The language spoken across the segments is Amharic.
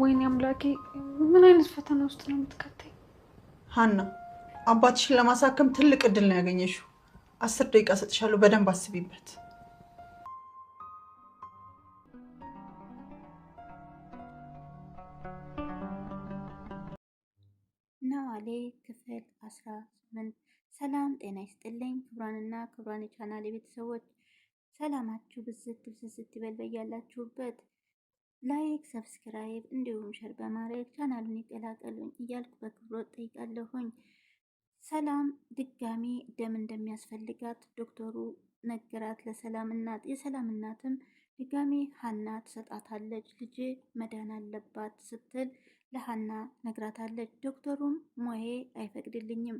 ወይኔ አምላኬ፣ ምን አይነት ፈተና ውስጥ ነው የምትከተኝ? ሀና፣ አባትሽን ለማሳከም ትልቅ እድል ነው ያገኘሽው። አስር ደቂቃ ሰጥሻለሁ፣ በደንብ አስቢበት። ኖላዊ ክፍል አስራ ስምንት ሰላም ጤና ይስጥልኝ። ክብሯንና ክብሯን የቻናል የቤተሰቦች ሰላማችሁ ብዝት ብዝት ይበል በያላችሁበት ላይክ፣ ሰብስክራይብ እንዲሁም ሸር በማድረግ ቻናሉን ይቀላቀሉኝ እያልኩ በክብሮት ጠይቃለሁኝ። ሰላም ድጋሚ ደም እንደሚያስፈልጋት ዶክተሩ ነገራት ለሰላም እናት። የሰላም እናትም ድጋሚ ሀና ትሰጣታለች። ልጅ መዳን አለባት ስትል ለሀና ነግራታለች። ዶክተሩም ሞሄ አይፈቅድልኝም፣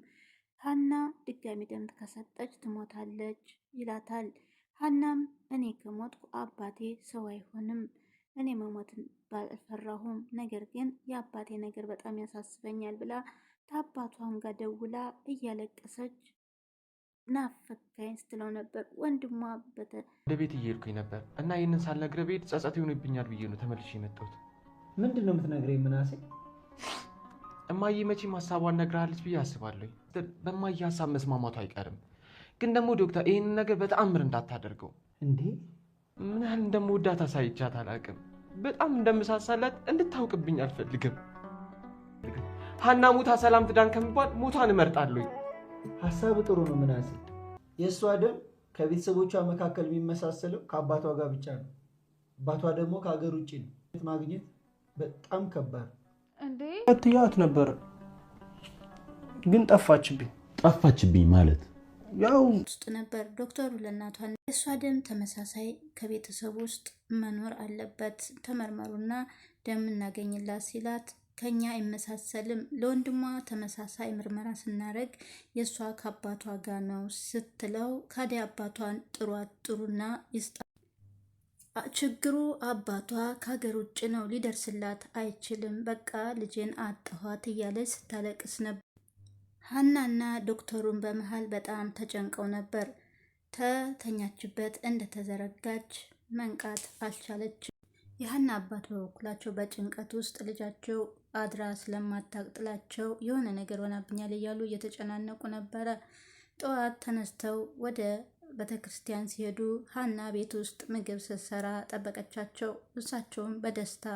ሀና ድጋሚ ደም ከሰጠች ትሞታለች ይላታል። ሀናም እኔ ከሞትኩ አባቴ ሰው አይሆንም እኔ መሞትን ባልፈራሁም ነገር ግን የአባቴ ነገር በጣም ያሳስበኛል ብላ ከአባቷም ጋር ደውላ እያለቀሰች ናፈካኝ ስትለው ነበር። ወንድሟ በተ ወደ ቤት እየሄድኩኝ ነበር እና ይህንን ሳልነግረ ቤት ጸጸት ይሆንብኛል ብዬ ነው ተመልሼ የመጣሁት። ምንድን ነው የምትነግረኝ? ምናሴ እማዬ መቼም ሀሳቧን ነግራለች ብዬ አስባለሁ። በማዬ ሀሳብ መስማማቱ አይቀርም። ግን ደግሞ ዶክተር ይህንን ነገር በተአምር እንዳታደርገው እንዴ ምን ያህል እንደምወዳት አሳይቻት አላቅም። በጣም እንደምሳሳላት እንድታውቅብኝ አልፈልግም። ሀና ሙታ ሰላም ትዳን ከሚባል ሞቷን እመርጣለሁ። ሀሳብ ጥሩ ነው ምናሴ። የእሷ ደም ከቤተሰቦቿ መካከል የሚመሳሰለው ከአባቷ ጋር ብቻ ነው። አባቷ ደግሞ ከሀገር ውጭ ነው። ማግኘት በጣም ከባድ እንዴ። ትያት ነበር ግን ጠፋችብኝ። ጠፋችብኝ ማለት ያው ውስጥ ነበር ዶክተሩ ለእናቷ የእሷ ደም ተመሳሳይ ከቤተሰብ ውስጥ መኖር አለበት ተመርመሩና ደም እናገኝላት ሲላት ከኛ አይመሳሰልም ለወንድሟ ተመሳሳይ ምርመራ ስናደርግ የእሷ ከአባቷ ጋር ነው ስትለው ካዲ አባቷን ጥሯት ጥሩና ይስጣ ችግሩ አባቷ ከሀገር ውጭ ነው ሊደርስላት አይችልም በቃ ልጄን አጠኋት እያለች ስታለቅስ ነበር ሀናና ዶክተሩን በመሃል በጣም ተጨንቀው ነበር። ተተኛችበት እንደተዘረጋች መንቃት አልቻለች። የሀና አባት በበኩላቸው በጭንቀት ውስጥ ልጃቸው አድራ ስለማታቅጥላቸው የሆነ ነገር ሆናብኛል እያሉ እየተጨናነቁ ነበረ። ጠዋት ተነስተው ወደ ቤተ ክርስቲያን ሲሄዱ ሀና ቤት ውስጥ ምግብ ስትሰራ ጠበቀቻቸው። እሳቸውም በደስታ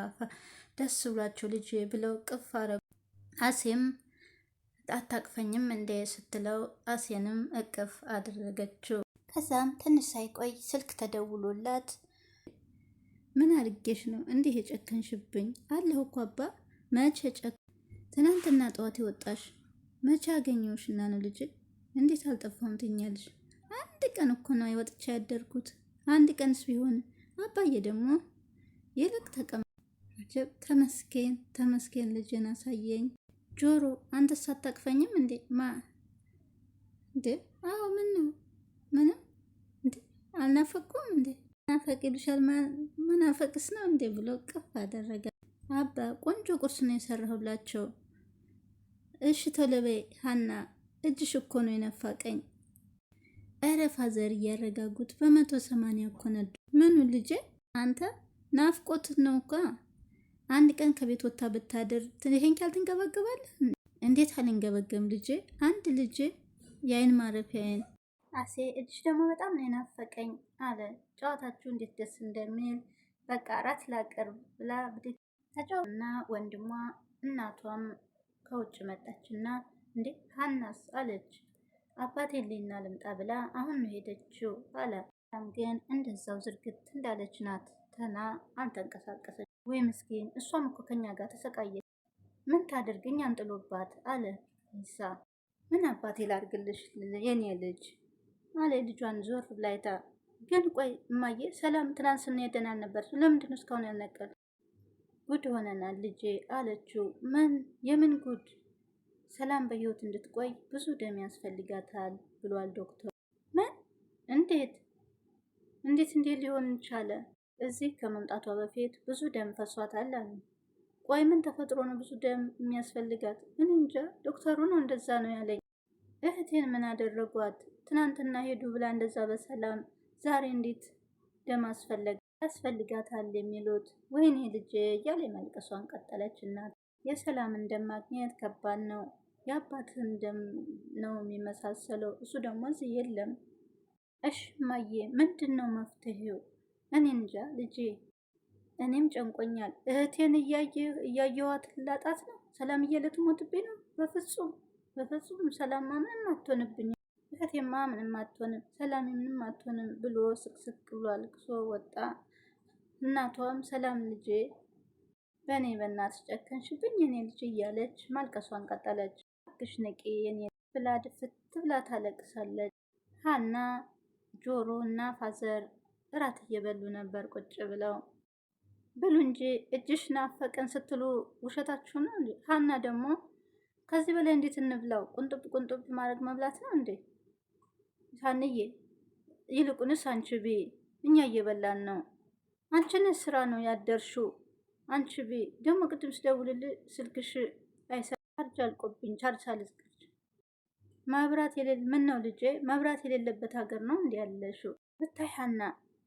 ደስ ብሏቸው ልጅ ብለው ቅፍ አረጉ። አሴም አታቅፈኝም እንዴ ስትለው አሴንም እቅፍ አደረገችው። ከዛም ትንሽ ሳይቆይ ስልክ ተደውሎላት ምን አድርጌሽ ነው እንዲህ የጨከንሽብኝ? አለሁ እኮ አባ። መቼ ጨክ ትናንትና ጠዋት የወጣሽ መቼ አገኘሁሽ? እና ነው ልጅ እንዴት አልጠፋሁም ትኛለሽ? አንድ ቀን እኮ ነው ወጥቼ ያደርኩት። አንድ ቀንስ ቢሆን አባዬ ደግሞ ይልቅ ተቀመ ተመስገን ተመስገን ልጅን አሳየኝ። ጆሮ አንተስ አታቅፈኝም እንዴ? ማ እንዴ? አዎ፣ ምን ነው? ምንም እንዴ? አልናፈቅኩም እንዴ? ናፈቅ ይሉሻል። መናፈቅስ ነው እንዴ? ብሎ ቅፍ አደረገ። አባ ቆንጆ ቁርስ ነው የሰራሁላቸው። እሺ ተለበይ ሀና፣ እጅሽ እኮ ነው የነፋቀኝ። እረ ፋዘር እያረጋጉት በመቶ ሰማንያ እኮ ነዱ። ምኑ ልጄ፣ አንተ ናፍቆት ነው እኳ አንድ ቀን ከቤት ወታ ብታድር ይሄን ኪያል ትንገበገባለህ? እንዴት አልንገበገም ልጄ፣ አንድ ልጄ የአይን ማረፊያዬን። አሴ እጅሽ ደግሞ በጣም ነው የናፈቀኝ አለ። ጨዋታችሁ እንዴት ደስ እንደሚል በቃ አራት ላቅርብ ብላ ብድግ እና ወንድሟ እናቷም ከውጭ መጣችና እንዴ ሀናስ አለች። አባቴ ሊና ልምጣ ብላ አሁን ነው ሄደችው አለ። ግን እንደዛው ዝርግት እንዳለች ናት ተና አልተንቀሳቀሰች። ወይ ምስኪን፣ እሷም እኮ ከኛ ጋር ተሰቃየች። ምን ታደርግ እኛን ጥሎባት አለ ይሳ። ምን አባቴ ላርግልሽ የኔ ልጅ አለ ልጇን ዞር ብላይታ። ግን ቆይ እማዬ ሰላም፣ ትናንት ስንሄደን ነበር ለምንድን ነው እስካሁን ያልነቀል? ጉድ ሆነናል ልጄ አለችው። ምን የምን ጉድ? ሰላም በህይወት እንድትቆይ ብዙ ደም ያስፈልጋታል ብሏል ዶክተር። ምን? እንዴት እንዴት እንዴት ሊሆን ቻለ? እዚህ ከመምጣቷ በፊት ብዙ ደም ፈሷታል አሉ። ቆይ ምን ተፈጥሮ ነው ብዙ ደም የሚያስፈልጋት? ምን እንጃ፣ ዶክተሩ ነው እንደዛ ነው ያለኝ። እህቴን ምን አደረጓት? ትናንትና ሄዱ ብላ እንደዛ በሰላም ዛሬ እንዴት ደም አስፈለገ? ያስፈልጋታል የሚሉት ወይኔ ልጄ እያለ መልቀሷን ቀጠለች። እናት የሰላምን ደም ማግኘት ከባድ ነው። የአባትህን ደም ነው የሚመሳሰለው፣ እሱ ደግሞ እዚህ የለም። እሽ ምንድነው ምንድን ነው መፍትሄው? እኔ እንጃ ልጄ፣ እኔም ጨንቆኛል። እህቴን እያየኋት ላጣት ነው። ሰላምዬ ልትሞትብኝ ነው። በፍጹም በፍጹም፣ ሰላምማ ምንም አትሆንብኝ፣ እህቴማ ምንም አትሆንም፣ ሰላም ምንም አትሆንም ብሎ ስቅስቅ ብሎ አልቅሶ ወጣ። እናቷም ሰላም ልጄ፣ በእኔ በእናትሽ ጨከንሽብኝ የኔ ልጅ እያለች ማልቀሷን ቀጠለች። እባክሽ ነቄ የኔ ብላ ድፍት ብላ ታለቅሳለች። ሀና ጆሮ እና ፋዘር እራት እየበሉ ነበር ቁጭ ብለው። ብሉ እንጂ እጅሽ ናፈቀን ስትሉ ውሸታችሁ ነው። ሀና ደግሞ ከዚህ በላይ እንዴት እንብላው? ቁንጥብ ቁንጥብ ማድረግ መብላት ነው እንዴ? ሀንዬ ይልቁንስ አንቺ ቢ እኛ እየበላን ነው። አንቺን ስራ ነው ያደርሽው። አንቺ ቢ ደግሞ ቅድም ስደውልል ስልክሽ ቻርጅ አልቆብኝ ቻርጅ ሳልዝግጅ መብራት የሌለ ምን ነው ልጄ፣ መብራት የሌለበት ሀገር ነው እንዲያለሽው ብታይ ሀና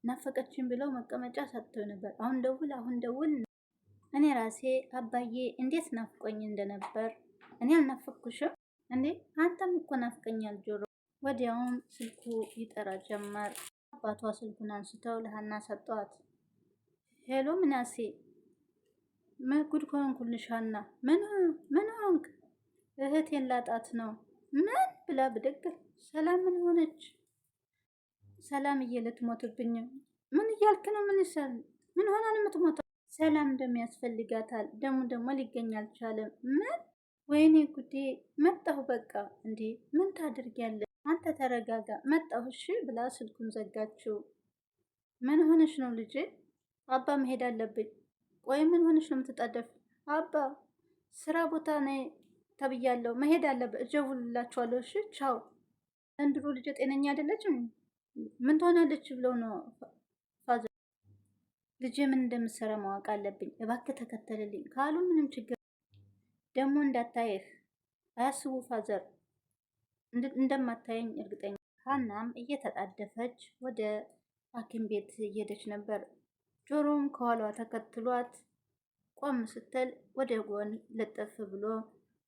ናፈቀችን ብለው መቀመጫ ሰጥተው ነበር። አሁን ደውል አሁን ደውል። እኔ ራሴ አባዬ እንዴት ናፍቆኝ እንደነበር እኔ አልናፈኩሽም እንዴ? አንተም እኮ ናፍቀኛል ጆሮ። ወዲያውም ስልኩ ይጠራ ጀመር። አባቷ ስልኩን አንስተው ለሀና ሰጧት። ሄሎ ምናሴ፣ ጉድ ከሆንኩልሽ ሀና። ምን ምን ሆንክ? እህቴን ላጣት ነው። ምን ብላ ብድግ። ሰላም ምን ሆነች? ሰላምዬ ልትሞትብኝ። ምን እያልክ ነው? ምን ይሻል? ምን ሆና ነው የምትሞተው? ሰላም ደም ያስፈልጋታል። ደሙ ደግሞ ሊገኝ አልቻለም። ምን? ወይኔ ጉዴ! መጣሁ በቃ። እንዴ ምን ታድርጊያለሽ? አንተ ተረጋጋ፣ መጣሁ እሺ ብላ ስልኩን ዘጋችው። ምን ሆነሽ ነው ልጄ? አባ መሄድ አለብኝ። ቆይ ምን ሆነሽ ነው የምትጣደፍ? አባ ስራ ቦታ ነ ተብያለሁ፣ መሄድ አለብ እጀውልላችኋለሁ። እሺ ቻው። ዘንድሮ ልጄ ጤነኛ አይደለችም። ምን ትሆናለች ብለው ነው ፋዘር። ልጄ ምን እንደምትሰራ ማወቅ አለብኝ። እባክህ ተከተልልኝ ካሉ ምንም ችግር ደግሞ እንዳታየህ አያስቡ ፋዘር እንደማታየኝ እርግጠኛ። ሀናም እየተጣደፈች ወደ ሐኪም ቤት እየሄደች ነበር። ጆሮም ከኋሏ ተከትሏት ቆም ስትል ወደ ጎን ለጠፍ ብሎ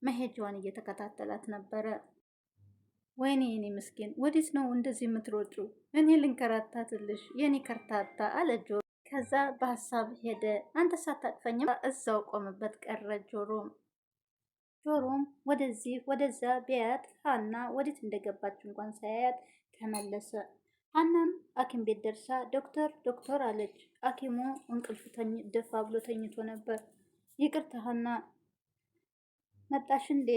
መሄጃዋን እየተከታተላት ነበረ። ወይኔ የኔ ምስኪን ወዴት ነው እንደዚህ የምትሮጩ? እኔ ልንከራታትልሽ የኔ ከርታታ አለ ጆሮ። ከዛ በሀሳብ ሄደ። አንተ ሳታቅፈኝም እዛው ቆምበት ቀረ ጆሮ። ጆሮም ወደዚህ ወደዛ ቢያያት ሀና ወዴት እንደገባች እንኳን ሳያያት ተመለሰ። ሀናም አኪም ቤት ደርሳ ዶክተር ዶክተር አለች። አኪሙ እንቅልፍ ደፋ ብሎ ተኝቶ ነበር። ይቅርታ ሀና መጣሽ እንዴ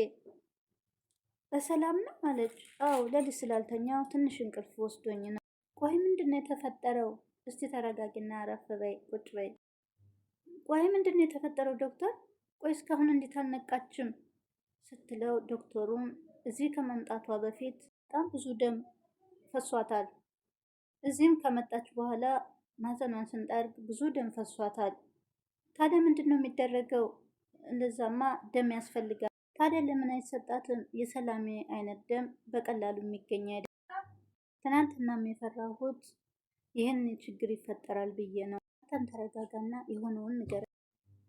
በሰላም ነው አለች። አዎ ለሊት ስላልተኛው ትንሽ እንቅልፍ ወስዶኝ ነው። ቆይ ምንድነው የተፈጠረው? እስቲ ተረጋጊና አረፍ በይ ቁጭ በይ። ቆይ ምንድነው የተፈጠረው ዶክተር? ቆይ እስካሁን እንዴት አልነቃችም? ስትለው ዶክተሩም እዚህ ከመምጣቷ በፊት በጣም ብዙ ደም ፈሷታል። እዚህም ከመጣች በኋላ ማዘኗን ስንጠርግ ብዙ ደም ፈሷታል። ታዲያ ምንድን ነው የሚደረገው? እንደዛማ ደም ያስፈልጋል። ታዲያ ለምን አይሰጣትም? የሰላሜ አይነት ደም በቀላሉ የሚገኝ አይደለም። ትናንትና የፈራሁት ይህን ችግር ይፈጠራል ብዬ ነው። አንተም ተረጋጋና የሆነውን ንገር፣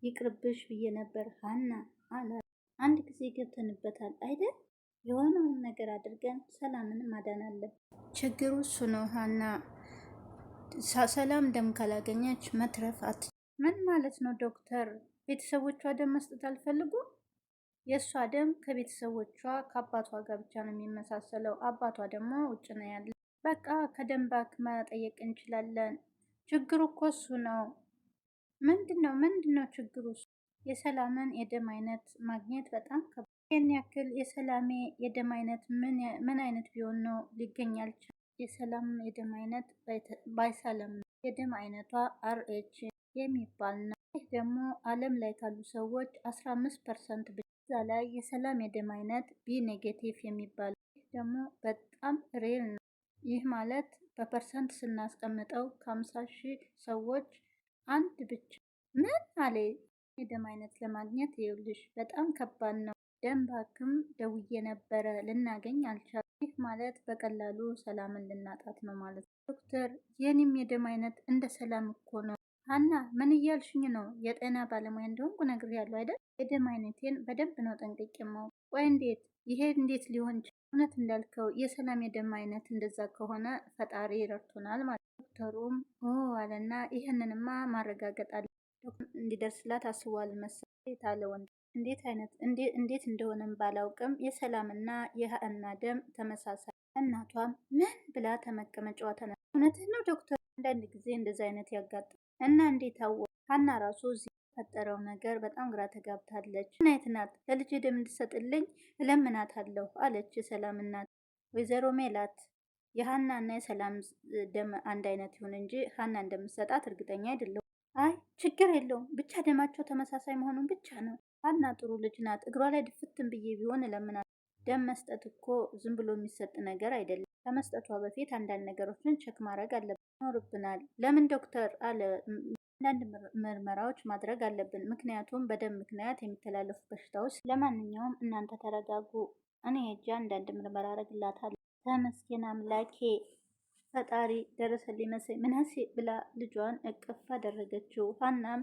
ይቅርብሽ ብዬ ነበር ሀና አላ አንድ ጊዜ ገብተንበታል አይደል? የሆነውን ነገር አድርገን ሰላምን ማዳናለን። ችግሩ እሱ ነው ሀና። ሰላም ደም ካላገኘች መትረፍ አት ምን ማለት ነው ዶክተር? ቤተሰቦቿ ደም መስጠት አልፈልጉም የእሷ ደም ከቤተሰቦቿ ከአባቷ ጋር ብቻ ነው የሚመሳሰለው። አባቷ ደግሞ ውጭ ነው ያለ። በቃ ከደም ባንክ መጠየቅ እንችላለን። ችግሩ እኮ እሱ ነው። ምንድን ነው ምንድን ነው ችግሩ? የሰላምን የደም አይነት ማግኘት በጣም ከብ ይህን ያክል የሰላሜ የደም አይነት ምን አይነት ቢሆን ነው ሊገኝ አልቻለም። የሰላም የደም አይነት ባይሰለም ነው። የደም አይነቷ አርኤች የሚባል ነው። ይህ ደግሞ አለም ላይ ካሉ ሰዎች አስራ አምስት ፐርሰንት እዛ ላይ የሰላም የደም አይነት ቢ ኔጌቲቭ የሚባል ደግሞ በጣም ሬል ነው። ይህ ማለት በፐርሰንት ስናስቀምጠው ከአምሳ ሺህ ሰዎች አንድ ብቻ ምን አለ የደም አይነት ለማግኘት ይውልሽ በጣም ከባድ ነው። ደም ባንክም ደውዬ ነበረ ልናገኝ አልቻለም። ይህ ማለት በቀላሉ ሰላምን ልናጣት ነው ማለት ነው። ዶክተር የኔም የደም አይነት እንደ ሰላም እኮ ነው አና ምን እያልሽኝ ነው? የጤና ባለሙያ እንደሆንኩ ነግሬያለሁ አይደል? የደም አይነቴን በደንብ ነው ጠንቅቄ የማውቅ። ቆይ እንዴት ይሄ እንዴት ሊሆን ይችላል? እውነት እንዳልከው የሰላም የደም አይነት እንደዛ ከሆነ ፈጣሪ ረድቶናል ማለት ዶክተሩም ኦ አለና ይህንንማ ማረጋገጥ አለ እንዲደርስላት አስቧል መሰለኝ የታለ ወንድ እንዴት አይነት እንዴት እንደሆነም ባላውቅም የሰላምና የሀና ደም ተመሳሳይ። እናቷም ምን ብላ ተመቀመጫዋ ተነ እውነትህ ነው ዶክተር፣ አንዳንድ ጊዜ እንደዚ አይነት ያጋጥማል። እና እንዴት አወቅ? ሀና ራሱ እዚህ የተፈጠረው ነገር በጣም ግራ ተጋብታለች። እና የት ናት? ለልጅ ደም እንድሰጥልኝ እለምናታለሁ አለች የሰላም እናት። ወይዘሮ ሜላት የሀና እና የሰላም ደም አንድ አይነት ይሁን እንጂ ሀና እንደምትሰጣት እርግጠኛ አይደለሁ። አይ ችግር የለውም ብቻ ደማቸው ተመሳሳይ መሆኑን ብቻ ነው። ሀና ጥሩ ልጅ ናት። እግሯ ላይ ድፍትን ብዬ ቢሆን እለምናት። ደም መስጠት እኮ ዝም ብሎ የሚሰጥ ነገር አይደለም። ከመስጠቷ በፊት አንዳንድ ነገሮችን ቸክ ማድረግ አለበት። ይኖርብናል። ለምን ዶክተር አለ። አንዳንድ ምርመራዎች ማድረግ አለብን፣ ምክንያቱም በደም ምክንያት የሚተላለፉ በሽታዎች። ለማንኛውም እናንተ ተረጋጉ፣ እኔ ሄጄ አንዳንድ ምርመራ አረግላታለሁ። ተመስገን አምላኬ ፈጣሪ ደረሰልኝ መሰለኝ ምናሴ ብላ ልጇን እቅፍ አደረገችው። ሀናም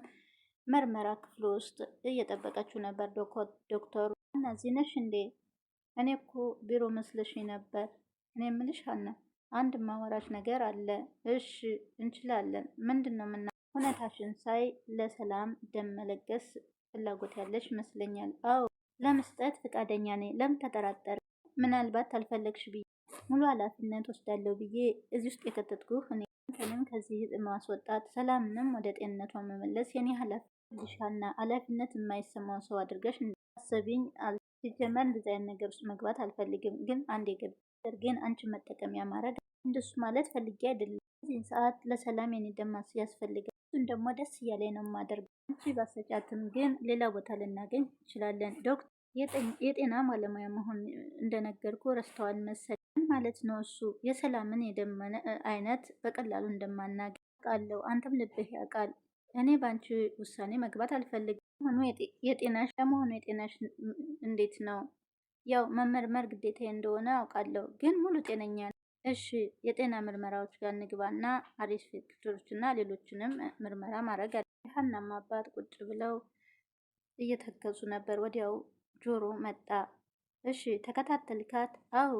መርመራ ክፍል ውስጥ እየጠበቀችው ነበር ዶክተሩ። እና እዚህ ነሽ እንዴ? እኔ እኮ ቢሮ መስለሽ ነበር። እኔ ምልሽ ሀና አንድ ማወራሽ ነገር አለ። እሺ እንችላለን። ምንድን ነው ምና ሁኔታሽን ሳይ ለሰላም ደም መለገስ ፍላጎት ያለሽ ይመስለኛል። አዎ ለመስጠት ፈቃደኛ ነኝ። ለምን ተጠራጠር? ምናልባት አልፈለግሽ ብዬ ሙሉ ኃላፊነት ወስዳለሁ ብዬ እዚህ ውስጥ የከተትኩ እኔ። አንተንም ከዚህ ማስወጣት ሰላምንም ወደ ጤንነቷ መመለስ የኔ ኃላፊነትና ኃላፊነት የማይሰማው ሰው አድርገሽ አሰቢኝ። ሲጀመር እንደዚህ አይነት ነገር ውስጥ መግባት አልፈልግም። ግን አንድ የገብ ነገር ግን አንቺን መጠቀሚያ ማድረግ እንደሱ ማለት ፈልጌ አይደለም። በዚህን ሰዓት ለሰላም የኔ ደም ያስፈልጋል። እሱን ደግሞ ደስ እያለ ነው ማደርገው። አንቺ ባሰጫትም ግን ሌላ ቦታ ልናገኝ እንችላለን። ዶክተር የጤና ባለሙያ መሆን እንደነገርኩ ረስተዋል መሰል ማለት ነው። እሱ የሰላምን የደመነ አይነት በቀላሉ እንደማናገኝ አውቃለሁ። አንተም ልብህ ያውቃል። እኔ በአንቺ ውሳኔ መግባት አልፈልግም። ለመሆኑ የጤናሽ እንዴት ነው? ያው መመርመር ግዴታ እንደሆነ አውቃለሁ፣ ግን ሙሉ ጤነኛ እሺ የጤና ምርመራዎች ጋር ንግባና አሪፍ ክትሎችና ሌሎችንም ምርመራ ማድረግ አለ። ሀናም አባት ቁጭ ብለው እየተከዙ ነበር። ወዲያው ጆሮ መጣ። እሺ ተከታተልካት? አዎ።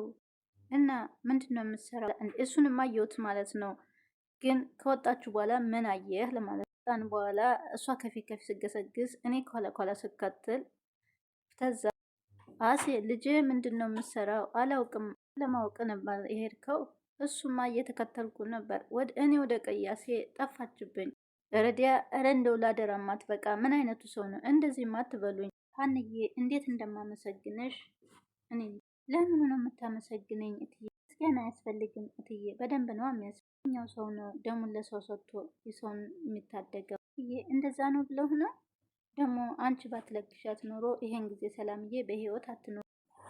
እና ምንድን ነው የምትሰራው? እሱንም አየሁት ማለት ነው። ግን ከወጣችሁ በኋላ ምን አየህ ለማለት በኋላ እሷ ከፊት ከፊት ስገሰግስ እኔ ከኋላ ከኋላ ስከትል ተዛ አሴ ልጄ ምንድን ነው የምትሰራው? አላውቅም። ለማወቅ ነበር የሄድከው? እሱማ እየተከተልኩ ነበር። ወደ እኔ ወደ ቀያሴ ጠፋችብኝ። ረዲያ ረንደው ላደራም በቃ ምን አይነቱ ሰው ነው? እንደዚህ ማትበሉኝ ሀንዬ። እንዴት እንደማመሰግንሽ እኔ ለምኑ ነው የምታመሰግነኝ እትዬ? ምስጋና አያስፈልግም እትዬ። በደንብ ነው የሚያስፈልገው። ሰው ነው ደሙን ለሰው ሰጥቶ የሰውን የሚታደገው እትዬ። እንደዛ ነው ብለው ነው ደግሞ አንቺ ባትለግሻት ኖሮ ይሄን ጊዜ ሰላምዬ በህይወት አትኖር።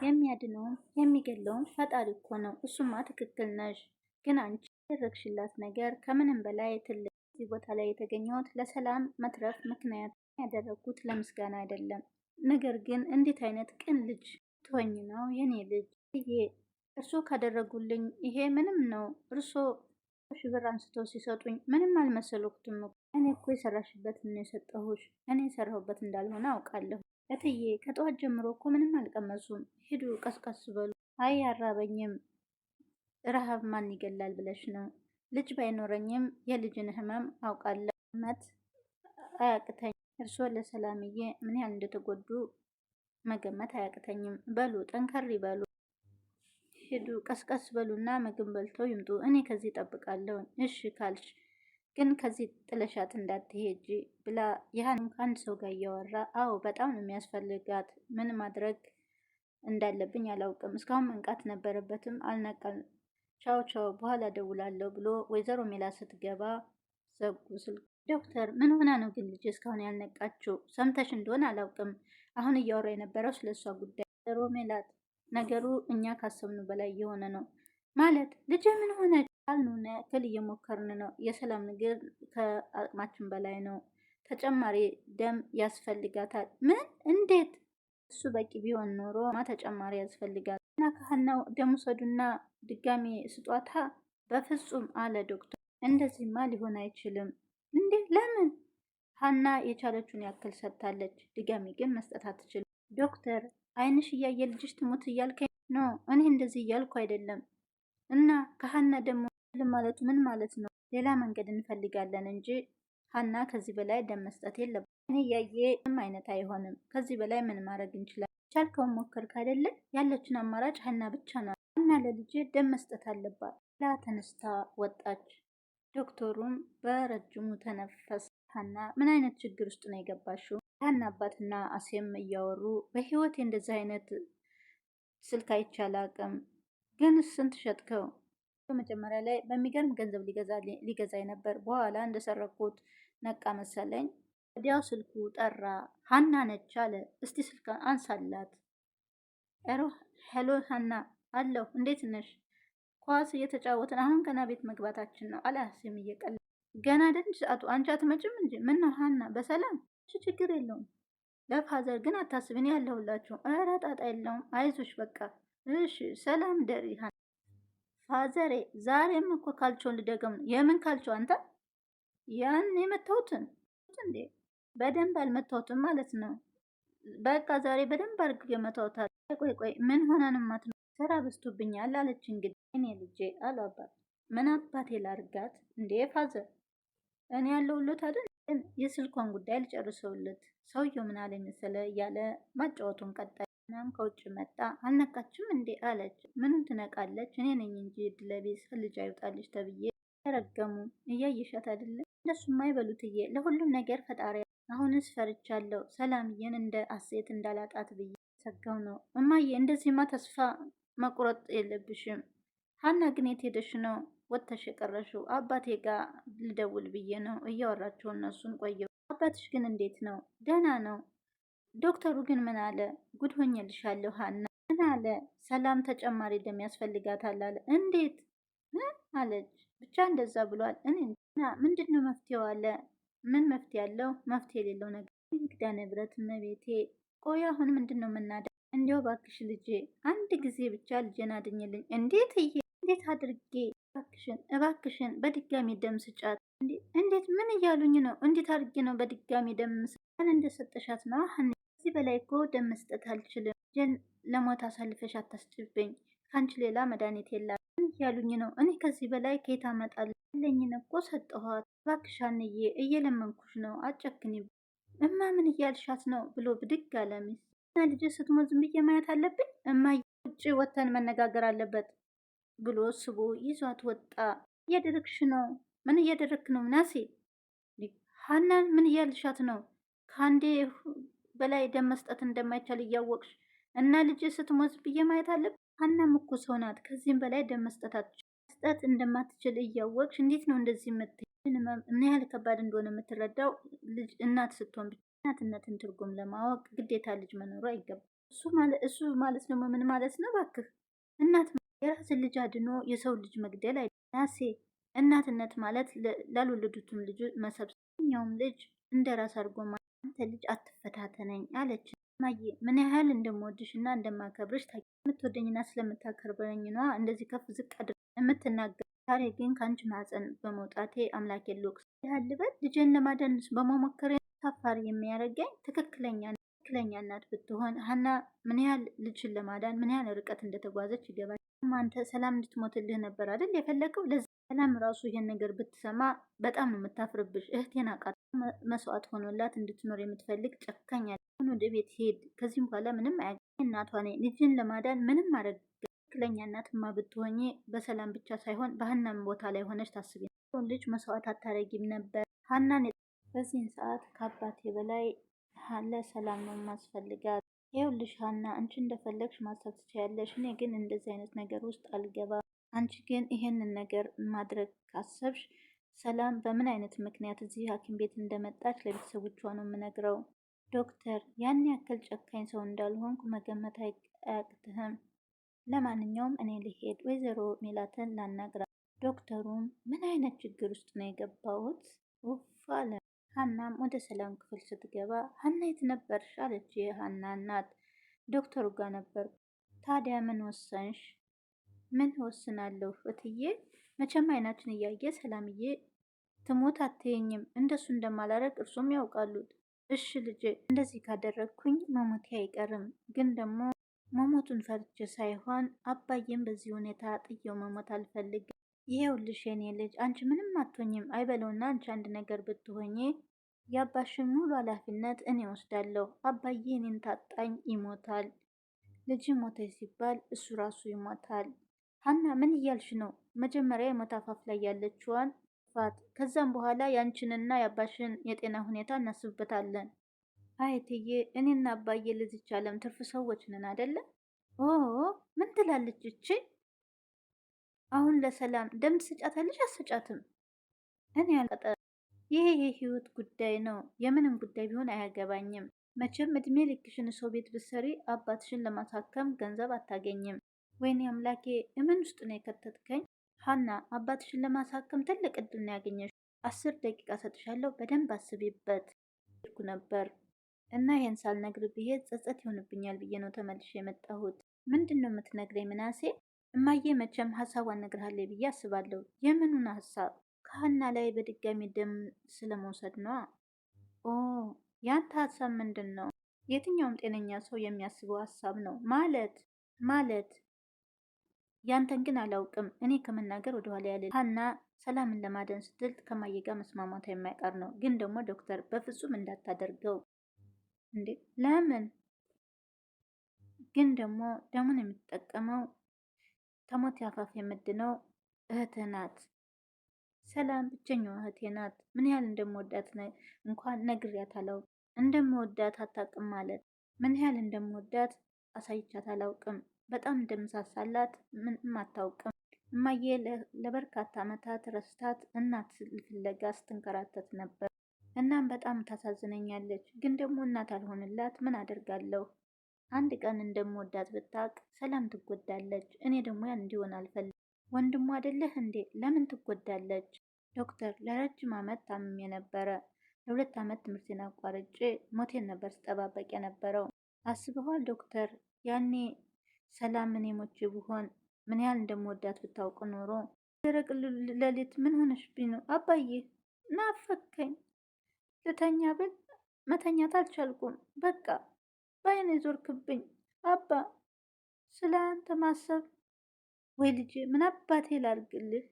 የሚያድነውም የሚገለውም ፈጣሪ እኮ ነው። እሱማ ትክክል ነሽ፣ ግን አንቺ ያደረግሽላት ነገር ከምንም በላይ ትልቅ። እዚህ ቦታ ላይ የተገኘሁት ለሰላም መትረፍ ምክንያት ያደረግኩት ለምስጋና አይደለም። ነገር ግን እንዴት አይነት ቅን ልጅ ትሆኝ ነው የኔ ልጅ ብዬ እርሶ ካደረጉልኝ ይሄ ምንም ነው። እርሶ ሺህ ብር አንስቶ ሲሰጡኝ ምንም አልመሰልኩትም። እኔ እኮ የሰራሽበት ምን የሰጠሁሽ። እኔ የሰራሁበት እንዳልሆነ አውቃለሁ እትዬ። ከጠዋት ጀምሮ እኮ ምንም አልቀመሱም። ሂዱ ቀስቀስ በሉ። አይ አራበኝም። ረሃብ ማን ይገላል ብለሽ ነው? ልጅ ባይኖረኝም የልጅን ህመም አውቃለሁ። መት አያቅተኝ። እርስዎ ለሰላምዬ ምን ያህል እንደተጎዱ መገመት አያቅተኝም። በሉ ጠንከር ይበሉ። ሂዱ ቀስቀስ በሉና ምግብ በልተው ይምጡ። እኔ ከዚህ እጠብቃለሁ። እሺ ካልሽ ግን ከዚህ ጥለሻት እንዳትሄጂ ብላ ይህን ከአንድ ሰው ጋር እያወራ አዎ በጣም ነው የሚያስፈልጋት ምን ማድረግ እንዳለብኝ አላውቅም። እስካሁን መንቃት ነበረበትም አልነቃም። ቻው ቻው፣ በኋላ ደውላለሁ ብሎ ወይዘሮ ሜላ ስትገባ ዘጉ ስልክ። ዶክተር ምን ሆና ነው ግን ልጅ እስካሁን ያልነቃችው? ሰምተሽ እንደሆነ አላውቅም። አሁን እያወራ የነበረው ስለ እሷ ጉዳይ። ወይዘሮ ሜላት ነገሩ እኛ ካሰብኑ በላይ የሆነ ነው ማለት ልጅ ምን ሆነች? ካልሆነ ትል እየሞከርን ነው። የሰላም ንግር ከአቅማችን በላይ ነው። ተጨማሪ ደም ያስፈልጋታል። ምን? እንዴት? እሱ በቂ ቢሆን ኖሮ ማ ተጨማሪ ያስፈልጋል እና ካህናው ደም ውሰዱና ድጋሚ ስጧታ። በፍጹም አለ ዶክተር። እንደዚህማ ሊሆን አይችልም። እንዴ? ለምን? ሀና የቻለችውን ያክል ሰጥታለች። ድጋሚ ግን መስጠት አትችልም። ዶክተር አይንሽ እያየ ልጅሽ ትሞት እያልከኝ ነው? እኔ እንደዚህ እያልኩ አይደለም። እና ከሀና ደግሞ ማለቱ ምን ማለት ነው? ሌላ መንገድ እንፈልጋለን እንጂ ሀና ከዚህ በላይ ደም መስጠት የለም እኔ እያየ ምንም አይነት አይሆንም። ከዚህ በላይ ምን ማድረግ እንችላለን? ቻልከውን ሞከር ካደለ ያለችን አማራጭ ሀና ብቻ ናት። ሀና ለልጅ ደም መስጠት አለባት ብላ ተነስታ ወጣች። ዶክተሩም በረጅሙ ተነፈሰ። ሀና ምን አይነት ችግር ውስጥ ነው የገባሽው? ሀና አባትና አሴም እያወሩ በህይወቴ እንደዚህ አይነት ስልክ አይቻል አቅም ግን ስንት ሸጥከው መጀመሪያ ላይ በሚገርም ገንዘብ ሊገዛኝ ነበር፣ በኋላ እንደሰረኩት ነቃ መሰለኝ። ወዲያው ስልኩ ጠራ። ሀና ነች አለ። እስቲ ስልክ አንሳላት። ሮ ሄሎ፣ ሀና አለሁ። እንዴት ነሽ? ኳስ እየተጫወትን አሁን ገና ቤት መግባታችን ነው አለ ሀሴም እየቀለ ገና አይደል ሰአቱ አንቺ አትመጭም እንጂ ምን ነው ሀና? በሰላም ችግር የለውም። ለፋዘር ግን አታስብን ያለሁላችሁ። ኧረ ጣጣ የለውም። አይዞሽ በቃ እሺ። ሰላም ደሪ ፋዘሬ ዛሬም እኮ ካልቸውን ልደገም ነው። የምን ካልቾ አንተ? ያን የመታሁትን እንዴ? በደንብ አልመታሁትም ማለት ነው። በቃ ዛሬ በደንብ አድርግ የመታሁታል። ቆይ ቆይ፣ ምን ሆናንማት ነው? ስራ በዝቶብኛል አለች። እንግዲህ እኔ ልጄ አሉ አባት። ምን አባቴ ላርጋት እንዴ ፋዘር? እኔ ያለሁለት አይደል? ግን የስልኳን ጉዳይ ልጨርሰውለት። ሰውየው ምን አለኝ መሰለ እያለ ማጫወቱን ቀጣይ ናም ከውጭ መጣ። አልነቃችም እንዴ አለች። ምንም ትነቃለች? እኔ ነኝ እንጂ ድለቤስ ልጅ አይውጣልሽ ተብዬ ተረገሙ። እያየሻት አይደለም? እንደሱማ አይበሉትዬ። ለሁሉም ነገር ፈጣሪ። አሁንስ ፈርቻለሁ። ሰላምዬን እንደ አሴት እንዳላጣት ብዬ ሰጋው ነው። እማዬ እንደዚህማ ተስፋ መቁረጥ የለብሽም። ሀና ግን የት ሄደሽ ነው ወጥተሽ የቀረሽው? አባቴ ጋር ልደውል ብዬ ነው። እያወራቸው እነሱን ቆየው። አባትሽ ግን እንዴት ነው? ደህና ነው ዶክተሩ ግን ምን አለ? ጉድ ሆኜልሻለሁ ሀና ምን አለ? ሰላም ተጨማሪ ደም ያስፈልጋታል አለ። እንዴት አለች። ብቻ እንደዛ ብሏል። እኔ ምንድን ነው መፍትሄው አለ። ምን መፍትሄ ያለው? መፍትሄ የሌለው ነገር ይግዳ ንብረት መቤቴ። ቆይ አሁን ምንድን ነው የምናደ እንዲው ባክሽ ልጄ አንድ ጊዜ ብቻ ልጄን አድኝልኝ። እንዴት እየ እንዴት አድርጌ እባክሽን እባክሽን በድጋሚ ደም ስጫት። እንዴት ምን እያሉኝ ነው? እንዴት አድርጌ ነው በድጋሚ ደም ስጫት? እንደሰጠሻት ነው ከዚህ በላይ እኮ ደም መስጠት አልችልም። ጀን ለሞት አሳልፈሽ አታስጭብኝ። ከአንቺ ሌላ መድኃኒት የላል ያሉኝ ነው። እኔ ከዚህ በላይ ከየት አመጣለሁ? ያለኝን እኮ ሰጠኋት። እባክሽ አንዬ እየለመንኩሽ ነው፣ አጨክኝ። እማ ምን እያልሻት ነው ብሎ ብድግ አለሚ እና ልጅ ስትሞት ዝም ብዬ ማየት አለብኝ? እማ ውጭ ወተን መነጋገር አለበት ብሎ ስቦ ይዟት ወጣ። እያደረግሽ ነው? ምን እያደረግክ ነው ናሴ? ሀናን ምን እያልሻት ነው? ከአንዴ በላይ ደም መስጠት እንደማይቻል እያወቅሽ እና ልጅ ስትሞት ብዬ ማየት አለብ ሀናም እኮ ሰው ናት። ከዚህም በላይ ደም መስጠት መስጠት እንደማትችል እያወቅሽ እንዴት ነው እንደዚህ ምት ምን ያህል ከባድ እንደሆነ የምትረዳው ልጅ እናት ስትሆን ብቻ እናትነትን ትርጉም ለማወቅ ግዴታ ልጅ መኖሩ አይገባም። እሱ ማለት ደግሞ ምን ማለት ነው? እባክህ እናት የራስን ልጅ አድኖ የሰው ልጅ መግደል አይናሴ እናትነት ማለት ላልወለዱትም ልጅ መሰብሰኛውም ልጅ እንደ ራስ አድርጎ አንተ ልጅ አትፈታተነኝ አለች። ማዬ ምን ያህል እንደምወድሽ እና እንደማከብርሽ ታውቂ። የምትወደኝና ስለምታከብረኝ ነዋ እንደዚህ ከፍ ዝቅ አድር የምትናገር። ዛሬ ግን ከአንቺ ማፀን በመውጣቴ አምላኬ ልወቅስ ያልበት ልጄን ለማዳን በመሞከር ሳፋሪ የሚያደርገኝ ትክክለኛ ትክክለኛ እናት ብትሆን ሀና ምን ያህል ልጅን ለማዳን ምን ያህል ርቀት እንደተጓዘች ይገባል። አንተ ሰላም እንድትሞትልህ ነበር አይደል የፈለገው ለዚ ሰላም ራሱ ይሄን ነገር ብትሰማ በጣም ነው የምታፍርብሽ። እህቴን አቃት መስዋዕት ሆኖላት እንድትኖር የምትፈልግ ጨካኛ ሆኖ ወደ ቤት ሄድ። ከዚህም በኋላ ምንም አያገኝ። እናቷ ነኝ ልጅን ለማዳን ምንም ማድረግ ትክክለኛ እናትማ ብትሆኝ በሰላም ብቻ ሳይሆን በሀናም ቦታ ላይ ሆነች ታስቢ ልጅ መስዋዕት አታረጊም ነበር። ሀናን በዚህን ሰዓት ከአባቴ በላይ ለሰላም ነው ማስፈልጋት ይኸውልሽ ሀና አንቺ እንደፈለግሽ ማሰብ ትችያለሽ። እኔ ግን እንደዚህ አይነት ነገር ውስጥ አልገባም። አንቺ ግን ይሄንን ነገር ማድረግ ካሰብሽ ሰላም በምን አይነት ምክንያት እዚህ ሐኪም ቤት እንደመጣች ለቤተሰቦቿ ነው የምነግረው። ዶክተር ያን ያክል ጨካኝ ሰው እንዳልሆንኩ መገመት አያቅትህም። ለማንኛውም እኔ ልሄድ ወይዘሮ ሜላትን ላናግራ። ዶክተሩም ምን አይነት ችግር ውስጥ ነው የገባሁት ውፍ አለ። ሀናም ወደ ሰላም ክፍል ስትገባ ሀና የት ነበርሽ? አለች የሀና እናት። ዶክተሩ ጋር ነበር። ታዲያ ምን ወሰንሽ? ምን እወስናለሁ እትዬ፣ መቼም አይናችን እያየ ሰላምዬ ትሞት አትየኝም። እንደሱ እንደማላረግ እርሱም ያውቃሉ። እሺ ልጄ፣ እንደዚህ ካደረግኩኝ መሞቴ አይቀርም። ግን ደግሞ መሞቱን ፈርቼ ሳይሆን አባዬም በዚህ ሁኔታ ጥየው መሞት አልፈልግም። ይሄውልሽ የኔ ልጅ አንቺ ምንም አትሆኝም አይበለውና አንቺ አንድ ነገር ብትሆኚ የአባሽን ሙሉ ኃላፊነት እኔ ወስዳለሁ። አባዬ እኔን ታጣኝ ይሞታል። ልጅ ሞተ ሲባል እሱ ራሱ ይሞታል። ሀና ምን እያልሽ ነው? መጀመሪያ የሞት አፋፍ ላይ ያለችዋን ፋት፣ ከዛም በኋላ ያንቺንና የአባሽን የጤና ሁኔታ እናስብበታለን። አይ እትዬ፣ እኔና አባዬ ልዝች አለም ትርፍ ሰዎች ነን አይደለም? ኦ ምን ትላለች እቺ? አሁን ለሰላም ደም ትስጫታለች አትሰጫትም? እኔ ያልቀጠ ይሄ የህይወት ጉዳይ ነው። የምንም ጉዳይ ቢሆን አያገባኝም። መቼም እድሜ ልክሽን ሰው ቤት ብሰሪ አባትሽን ለማሳከም ገንዘብ አታገኝም። ወይኔ አምላኬ እምን ውስጥ ነው የከተትከኝ? ሀና አባትሽን ለማሳከም ትልቅ እድል ነው ያገኘሽ። አስር ደቂቃ ሰጥሻለሁ፣ በደንብ አስቢበት ልኩ ነበር እና ይሄን ሳልነግር ብዬ ጸጸት ይሆንብኛል ብዬ ነው ተመልሼ የመጣሁት። ምንድን ነው የምትነግረኝ ምናሴ? እማዬ መቼም ሀሳቧን እነግርሃለሁ ብዬ አስባለሁ። የምኑን ሀሳብ? ከሀና ላይ በድጋሚ ደም ስለመውሰድ ነዋ። ኦ ያንተ ሀሳብ ምንድን ነው? የትኛውም ጤነኛ ሰው የሚያስበው ሀሳብ ነው ማለት ማለት ያንተን ግን አላውቅም። እኔ ከመናገር ወደኋላ ያለ ሀና ሰላምን ለማደን ስትል ከማየጋ ጋር መስማማቷ የማይቀር ነው። ግን ደግሞ ዶክተር በፍጹም እንዳታደርገው። እንዴ ለምን ግን ደግሞ ደሙን የምትጠቀመው ከሞት ያፋፍ የምድነው እህትህ ናት። ሰላም ብቸኛው እህቴ ናት። ምን ያህል እንደምወዳት እንኳን ነግሬያት አላውቅም። እንደምወዳት አታውቅም ማለት ምን ያህል እንደምወዳት አሳይቻት አላውቅም። በጣም እንደምሳሳላት ምንም አታውቅም። እማዬ ለበርካታ ዓመታት ረስታት እናት ፍለጋ ስትንከራተት ነበር። እናም በጣም ታሳዝነኛለች፣ ግን ደግሞ እናት አልሆንላት ምን አደርጋለሁ? አንድ ቀን እንደምወዳት ብታውቅ ሰላም ትጎዳለች። እኔ ደግሞ ያን እንዲሆን አልፈልግም። ወንድሟ አይደለህ እንዴ? ለምን ትጎዳለች? ዶክተር፣ ለረጅም ዓመት ታምሜ ነበረ። ለሁለት ዓመት ትምህርቴን አቋርጬ ሞቴን ነበር ስጠባበቅ የነበረው። አስበኋል ዶክተር፣ ያኔ ሰላም ምን የሞች ብሆን ምን ያህል እንደምወዳት ብታውቅ ኖሮ ደረቅ ሌሊት ምን ሆነሽ ቢኑ? አባዬ? ናፈከኝ። ልተኛ ብል መተኛት አልቻልኩም። በቃ በአይኔ ዞርክብኝ አባ። ስለ አንተ ማሰብ ወይ ልጄ ምን አባቴ ላርግልሽ?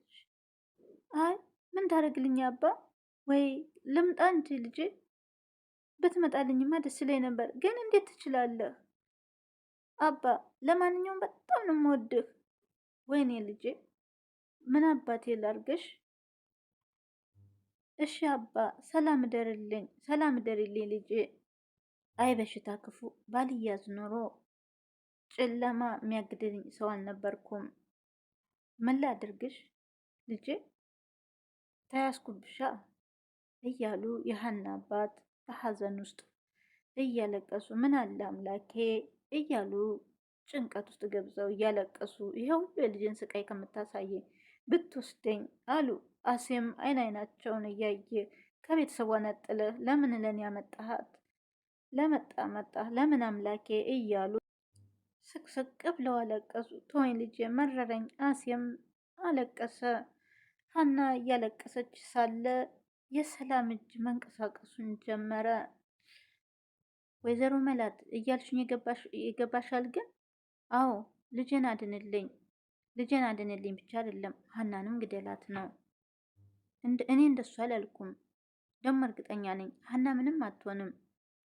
አይ ምን ታደርግልኝ አባ? ወይ ልምጣ እንጂ ልጄ ብትመጣልኝማ ደስ ይለኝ ነበር፣ ግን እንዴት ትችላለህ? አባ ለማንኛውም በጣም ነው የምወድህ። ወይኔ ልጄ ምን አባቴ ላርገሽ? እሺ አባ ሰላም ደርልኝ፣ ሰላም ደርልኝ ልጄ። አይ በሽታ ክፉ ባልያዝ ኖሮ ጨለማ የሚያግደኝ ሰው አልነበርኩም። ምን ላድርግሽ ልጄ ተያዝኩብሻ እያሉ የሀና አባት በሀዘን ውስጥ እያለቀሱ ምን አለ አምላኬ እያሉ ጭንቀት ውስጥ ገብዘው እያለቀሱ ይኸው የልጅን ስቃይ ከምታሳየ ብትወስደኝ አሉ። አሴም አይን አይናቸውን እያየ ከቤተሰቧ ነጥለህ ለምን ለእኔ ያመጣሃት ለመጣ መጣ ለምን አምላኬ እያሉ ስቅስቅ ብለው አለቀሱ። ተወኝ ልጄ መረረኝ። አሴም አለቀሰ። ሀና እያለቀሰች ሳለ የሰላም እጅ መንቀሳቀሱን ጀመረ። ወይዘሮ መላት እያልሽኝ የገባሻል? ግን አዎ ልጄን አድንልኝ፣ ልጄን አድንልኝ ብቻ አይደለም ሀናንም ግደላት ነው። እኔ እንደሱ አላልኩም። ደግሞ እርግጠኛ ነኝ ሀና ምንም አትሆንም።